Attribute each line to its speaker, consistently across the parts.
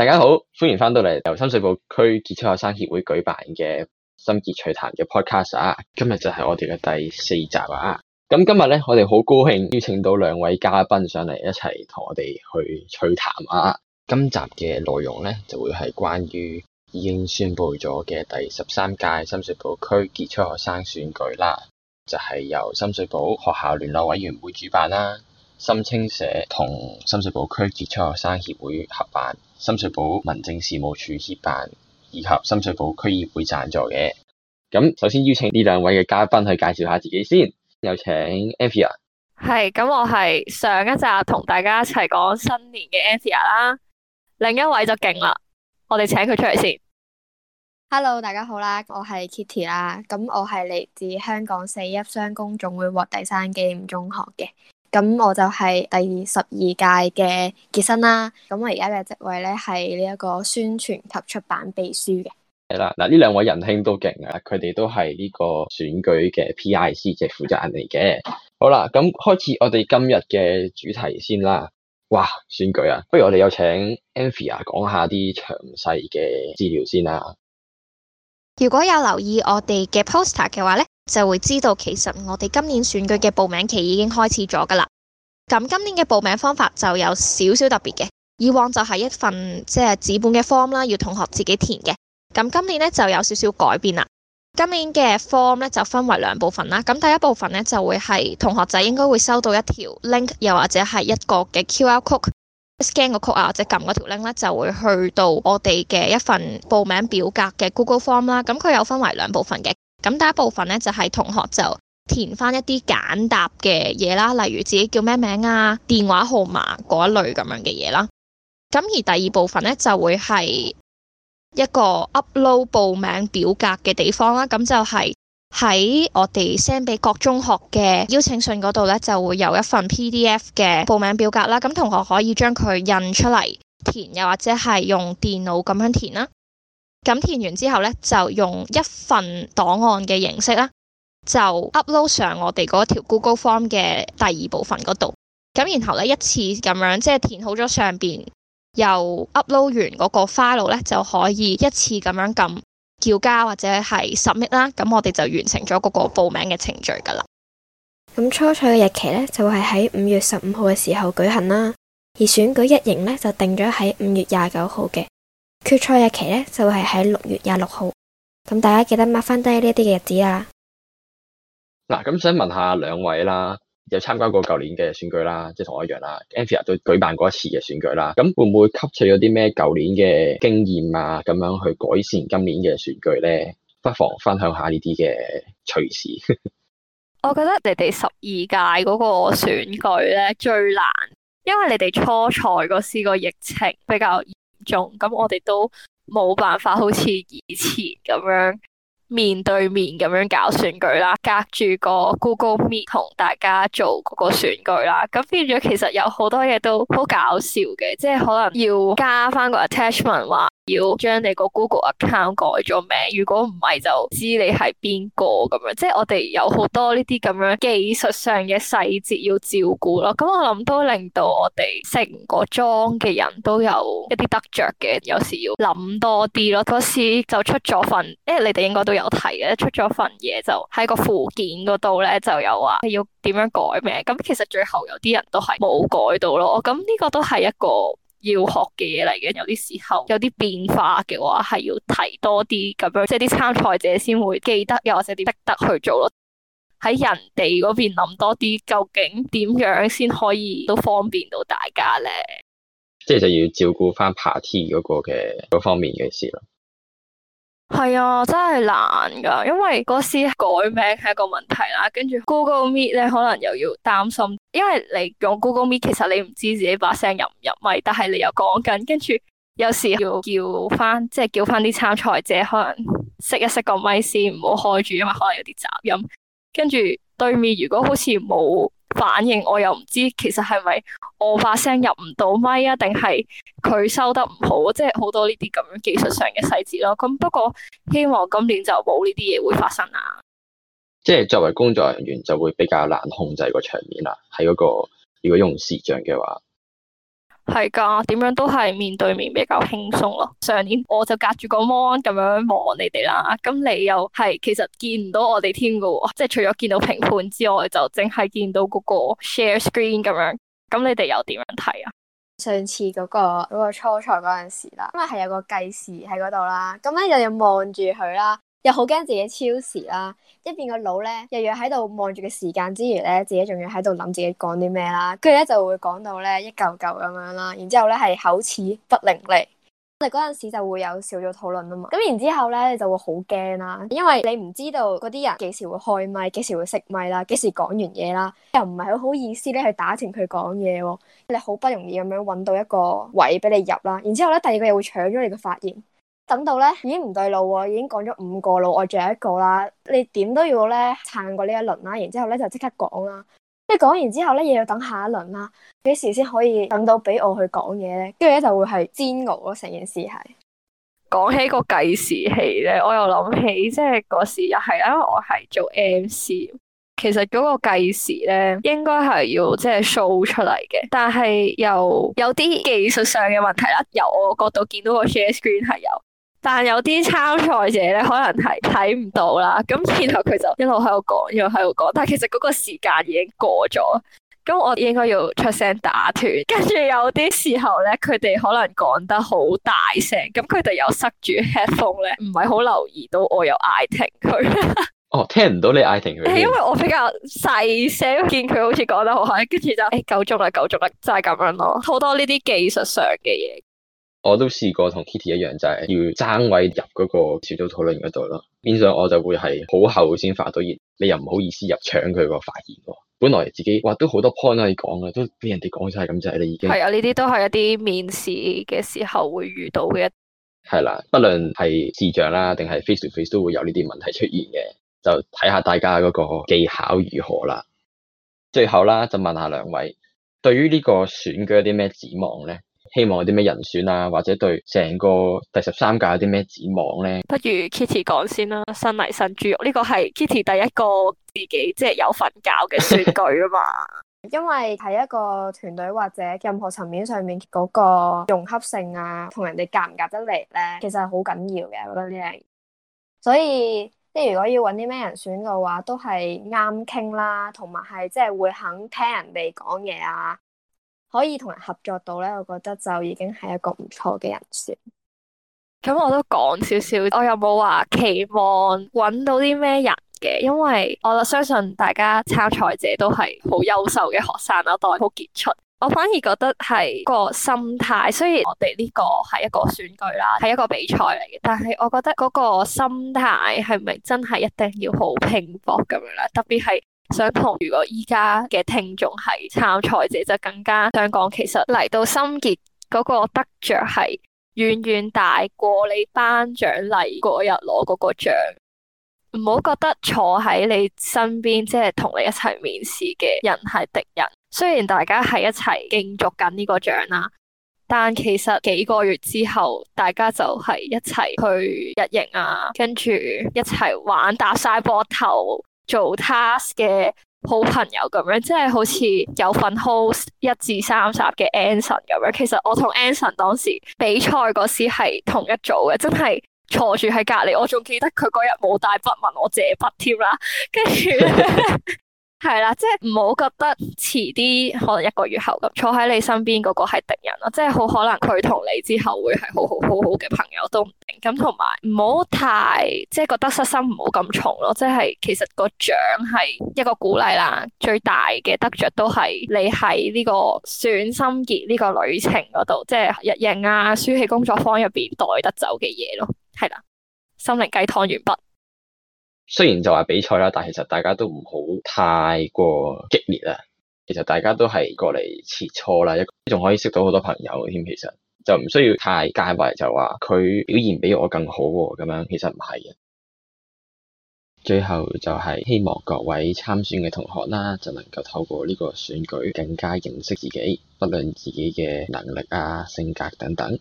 Speaker 1: 大家好，歡迎翻到嚟由深水埗區傑出學生協會舉辦嘅深傑趣談嘅 podcast 啊，pod cast, 今日就係我哋嘅第四集啊。咁今日咧，我哋好高興邀請到兩位嘉賓上嚟一齊同我哋去趣談啊。今集嘅內容咧，就會係關於已經宣布咗嘅第十三屆深水埗區傑出學生選舉啦，就係、是、由深水埗學校聯絡委員會主辦啦。深清社同深水埗區傑出學生協會合辦，深水埗民政事務處協辦，以及深水埗區議會贊助嘅。咁首先邀請呢兩位嘅嘉賓去介紹下自己先。有請 Asia。
Speaker 2: 係咁，我係上一集同大家一齊講新年嘅 Asia 啦。另一位就勁啦，我哋請佢出嚟先。
Speaker 3: Hello，大家好啦，我係 Kitty 啦。咁我係嚟自香港四邑商工總會獲第三紀念中學嘅。咁我就係第十二屆嘅傑森啦，咁我而家嘅職位咧係呢一個宣傳及出版秘
Speaker 1: 書嘅。係啦，嗱 呢兩位仁兄都勁啊，佢哋都係呢個選舉嘅 P.I.C. 即係負責人嚟嘅。好啦，咁開始我哋今日嘅主題先啦。哇，選舉啊，不如我哋有請 Anvia 講一下啲詳細嘅資料先啦。
Speaker 4: 如果有留意我哋嘅 poster 嘅話咧。就會知道，其實我哋今年選舉嘅報名期已經開始咗噶啦。咁今年嘅報名方法就有少少特別嘅，以往就係一份即係紙本嘅 form 啦，要同學自己填嘅。咁今年呢就有少少改變啦。今年嘅 form 呢就分為兩部分啦。咁第一部分呢就會係同學仔應該會收到一條 link，又或者係一個嘅 QR code scan 個 code 啊，或者撳嗰條 link 咧就會去到我哋嘅一份報名表格嘅 Google Form 啦。咁佢有分為兩部分嘅。咁第一部分咧就係、是、同學就填翻一啲簡答嘅嘢啦，例如自己叫咩名啊、電話號碼嗰一類咁樣嘅嘢啦。咁而第二部分咧就會係一個 upload 報名表格嘅地方啦。咁就係喺我哋 send 俾各中學嘅邀請信嗰度咧，就會有一份 PDF 嘅報名表格啦。咁同學可以將佢印出嚟填，又或者係用電腦咁樣填啦。咁填完之後呢，就用一份檔案嘅形式啦，就 upload 上，上我哋嗰條 Google Form 嘅第二部分嗰度。咁然後呢，一次咁樣，即係填好咗上邊，又 upload 完嗰個 file 呢，就可以一次咁樣撳叫交或者係 submit 啦。咁我哋就完成咗嗰個報名嘅程序噶啦。
Speaker 3: 咁初賽嘅日期呢，就係喺五月十五號嘅時候舉行啦，而選舉日營呢，就定咗喺五月廿九號嘅。決賽，就是，日期咧就係喺六月廿六號，咁大家記得 mark a 翻低呢啲嘅日子啊！
Speaker 1: 嗱，咁想問下兩位啦，有參加過舊年嘅選舉啦，即係同我一樣啦，a n Anfield 都舉辦過一次嘅選舉啦，咁會唔會吸取咗啲咩舊年嘅經驗啊？咁樣去改善今年嘅選舉咧？不妨分享下呢啲嘅趣事。
Speaker 2: 我覺得你哋十二屆嗰個選舉咧最難，因為你哋初賽嗰時個疫情比較。咁我哋都冇辦法好似以前咁樣面對面咁樣搞選舉啦，隔住個 Google Meet 同大家做個選舉啦。咁變咗其實有好多嘢都好搞笑嘅，即係可能要加翻個 attachment 話。要將你個 Google account 改咗名，如果唔係就知你係邊個咁樣，即係我哋有好多呢啲咁樣技術上嘅細節要照顧咯。咁我諗都令到我哋成個莊嘅人都有一啲得着嘅，有時要諗多啲咯。嗰時就出咗份，誒、哎、你哋應該都有睇嘅，出咗份嘢就喺個附件嗰度咧，就有話要點樣改名。咁其實最後有啲人都係冇改到咯。咁呢個都係一個。要學嘅嘢嚟嘅，有啲時候有啲變化嘅話，係要提多啲咁樣，即係啲參賽者先會記得，又或者識得去做咯。喺人哋嗰邊諗多啲，究竟點樣先可以都方便到大家咧？
Speaker 1: 即係就要照顧翻 party 嗰個嘅方面嘅事咯。
Speaker 2: 係啊，真係難噶，因為嗰時改名係一個問題啦，跟住 Google Meet 咧可能又要擔心，因為你用 Google Meet 其實你唔知自己把聲入唔入咪，但係你又講緊，跟住有時要叫翻，即係叫翻啲參賽者可能熄一熄個咪先，唔好開住，因為可能有啲雜音，跟住對面如果好似冇。反應我又唔知，其實係咪我把聲入唔到咪啊，定係佢收得唔好？即係好多呢啲咁樣技術上嘅細節咯。咁不過希望今年就冇呢啲嘢會發生啦，啊。
Speaker 1: 即係作為工作人員，就會比較難控制個場面啦。喺嗰個如果用視像嘅話。
Speaker 2: 係噶，點樣都係面對面比較輕鬆咯。上年我就隔住個 mon 咁樣望你哋啦，咁你又係其實見唔到我哋添噶，即係除咗見到評判之外，就淨係見到嗰個 share screen 咁樣。咁你哋又點樣睇啊？
Speaker 3: 上次嗰、嗰個、嗰個初賽嗰陣時啦，因為係有個計時喺嗰度啦，咁咧又要望住佢啦。又好驚自己超時啦，一邊個腦咧日日喺度望住個時間之馀咧，自己仲要喺度諗自己講啲咩啦，跟住咧就會講到咧一嚿嚿咁樣啦，然之後咧係口齒不伶俐，我哋嗰陣時就會有小組討論啊嘛，咁然之後咧你就會好驚啦，因為你唔知道嗰啲人幾時會開咪，幾時會熄咪啦，幾時講完嘢啦，又唔係好好意思咧去打斷佢講嘢喎，你好不容易咁樣搵到一個位俾你入啦，然之後咧第二個又會搶咗你嘅發言。等到咧已經唔對路喎，已經講咗五個啦，我仲有一個啦。你點都要咧撐過呢一輪啦，然之後咧就即刻講啦。即係講完之後咧，又要等下一輪啦。幾時先可以等到俾我去講嘢咧？跟住咧就會係煎熬咯，成件事係
Speaker 2: 講起個計時器咧，我又諗起即係嗰時又係，因為我係做 MC，其實嗰個計時咧應該係要即係 show 出嚟嘅，但係又有啲技術上嘅問題啦。由我角度見到個 share screen 係有。但有啲參賽者咧，可能係睇唔到啦。咁然後佢就一路喺度講，一路喺度講。但其實嗰個時間已經過咗。咁我應該要出聲打斷。跟住有啲時候咧，佢哋可能講得好大聲。咁佢哋又塞住 headphone 咧，唔係好留意到我有嗌停佢。
Speaker 1: 哦，聽唔到你嗌停佢。係 因為
Speaker 2: 我比較細聲，見佢好似講得好開，跟住就誒夠鐘啦，夠鐘啦，就係、是、咁樣咯。好多呢啲技術上嘅嘢。
Speaker 1: 我都試過同 Kitty 一樣，就係、是、要爭位入嗰個小組討論嗰度咯。變相我就會係好後先發到言，你又唔好意思入搶佢個發言。本來自己哇都好多 point 可以講嘅，都俾人哋講晒咁滯啦已經。係啊，呢
Speaker 2: 啲都係一啲面試嘅時候會遇到嘅。一
Speaker 1: 係啦，不論係視像啦，定係 face to face，都會有呢啲問題出現嘅。就睇下大家嗰個技巧如何啦。最後啦，就問下兩位，對於呢個選舉有啲咩指望咧？希望有啲咩人選啊，或者對成個第十三屆有啲咩展望咧？不
Speaker 2: 如 Kitty 講先啦，新嚟新豬肉，呢個係 Kitty 第一個自己即係有瞓覺嘅選舉啊嘛。
Speaker 3: 因為喺一個團隊或者任何層面上面嗰個融洽性啊，同人哋夾唔夾得嚟咧，其實係好緊要嘅，我覺得呢樣嘢。所以即係如果要揾啲咩人選嘅話，都係啱傾啦，同埋係即係會肯聽人哋講嘢啊。可以同人合作到咧，我覺得就已經係一個唔錯嘅人選。咁我都講少少，
Speaker 2: 我又冇話期望揾到啲咩人嘅，因為我就相信大家參賽者都係好優秀嘅學生啦，都好傑出。我反而覺得係個心態。雖然我哋呢個係一個選舉啦，係一個比賽嚟嘅，但係我覺得嗰個心態係咪真係一定要好拼搏咁樣啦？特別係。想同如果依家嘅聽眾係參賽者，就更加想講，其實嚟到心結嗰、那個得著係遠遠大過你頒獎禮嗰日攞嗰個獎。唔好覺得坐喺你身邊，即係同你一齊面試嘅人係敵人。雖然大家係一齊競逐緊呢個獎啦，但其實幾個月之後，大家就係一齊去日營啊，跟住一齊玩搭晒膊頭。做 task 嘅好朋友咁樣，即係好似有份 host 一至三集嘅 Anson 咁樣。其實我同 Anson 當時比賽嗰時係同一組嘅，真係坐住喺隔籬。我仲記得佢嗰日冇帶筆問我借筆添啦，跟住。係啦，即係唔好覺得遲啲可能一個月後咁坐喺你身邊嗰個係敵人咯，即係好可能佢同你之後會係好好好好嘅朋友都唔定。咁同埋唔好太即係覺得失心唔好咁重咯，即係其實個獎係一個鼓勵啦，最大嘅得着都係你喺呢個選心結呢個旅程嗰度，即係日營啊、書係工作坊入邊帶得走嘅嘢咯。係啦，心靈雞湯完畢。
Speaker 1: 雖然就話比賽啦，但其實大家都唔好太過激烈啊。其實大家都係過嚟切磋啦，一仲可以識到好多朋友添。其實就唔需要太介懷，就話佢表現比我更好咁樣。其實唔係嘅。 最後就係希望各位參選嘅同學啦，就能夠透過呢個選舉，更加認識自己，不論自己嘅能力啊、性格等等。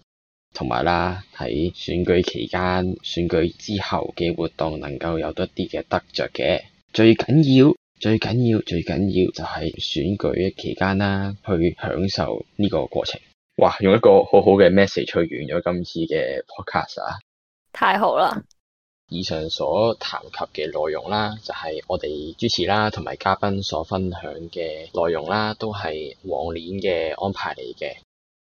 Speaker 1: 同埋啦，喺選舉期間、選舉之後嘅活動，能夠有多啲嘅得着嘅。最緊要、最緊要、最緊要就係選舉期間啦，去享受呢個過程。哇！用一個好好嘅 message 去完咗今次嘅 podcast 啊！
Speaker 2: 太好啦！
Speaker 1: 以上所談及嘅內容啦，就係、是、我哋主持啦，同埋嘉賓所分享嘅內容啦，都係往年嘅安排嚟嘅。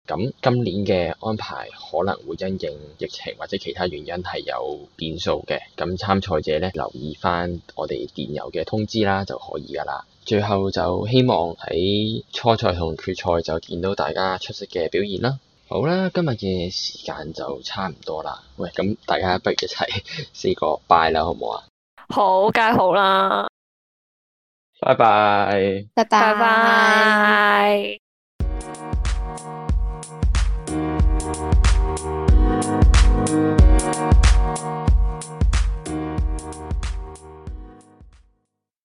Speaker 1: 咁今年嘅安排可能會因應疫情或者其他原因係有變數嘅。咁參賽者呢，留意返我哋電郵嘅通知啦，就可以噶啦。最後就希望喺初賽同決賽就見到大家出色嘅表現啦。好啦，今日嘅時間就差唔多啦。喂，咁大家不如一齊 say 個拜啦，好唔好啊？
Speaker 2: 好，梗係好啦。
Speaker 1: 拜拜。
Speaker 2: 拜拜。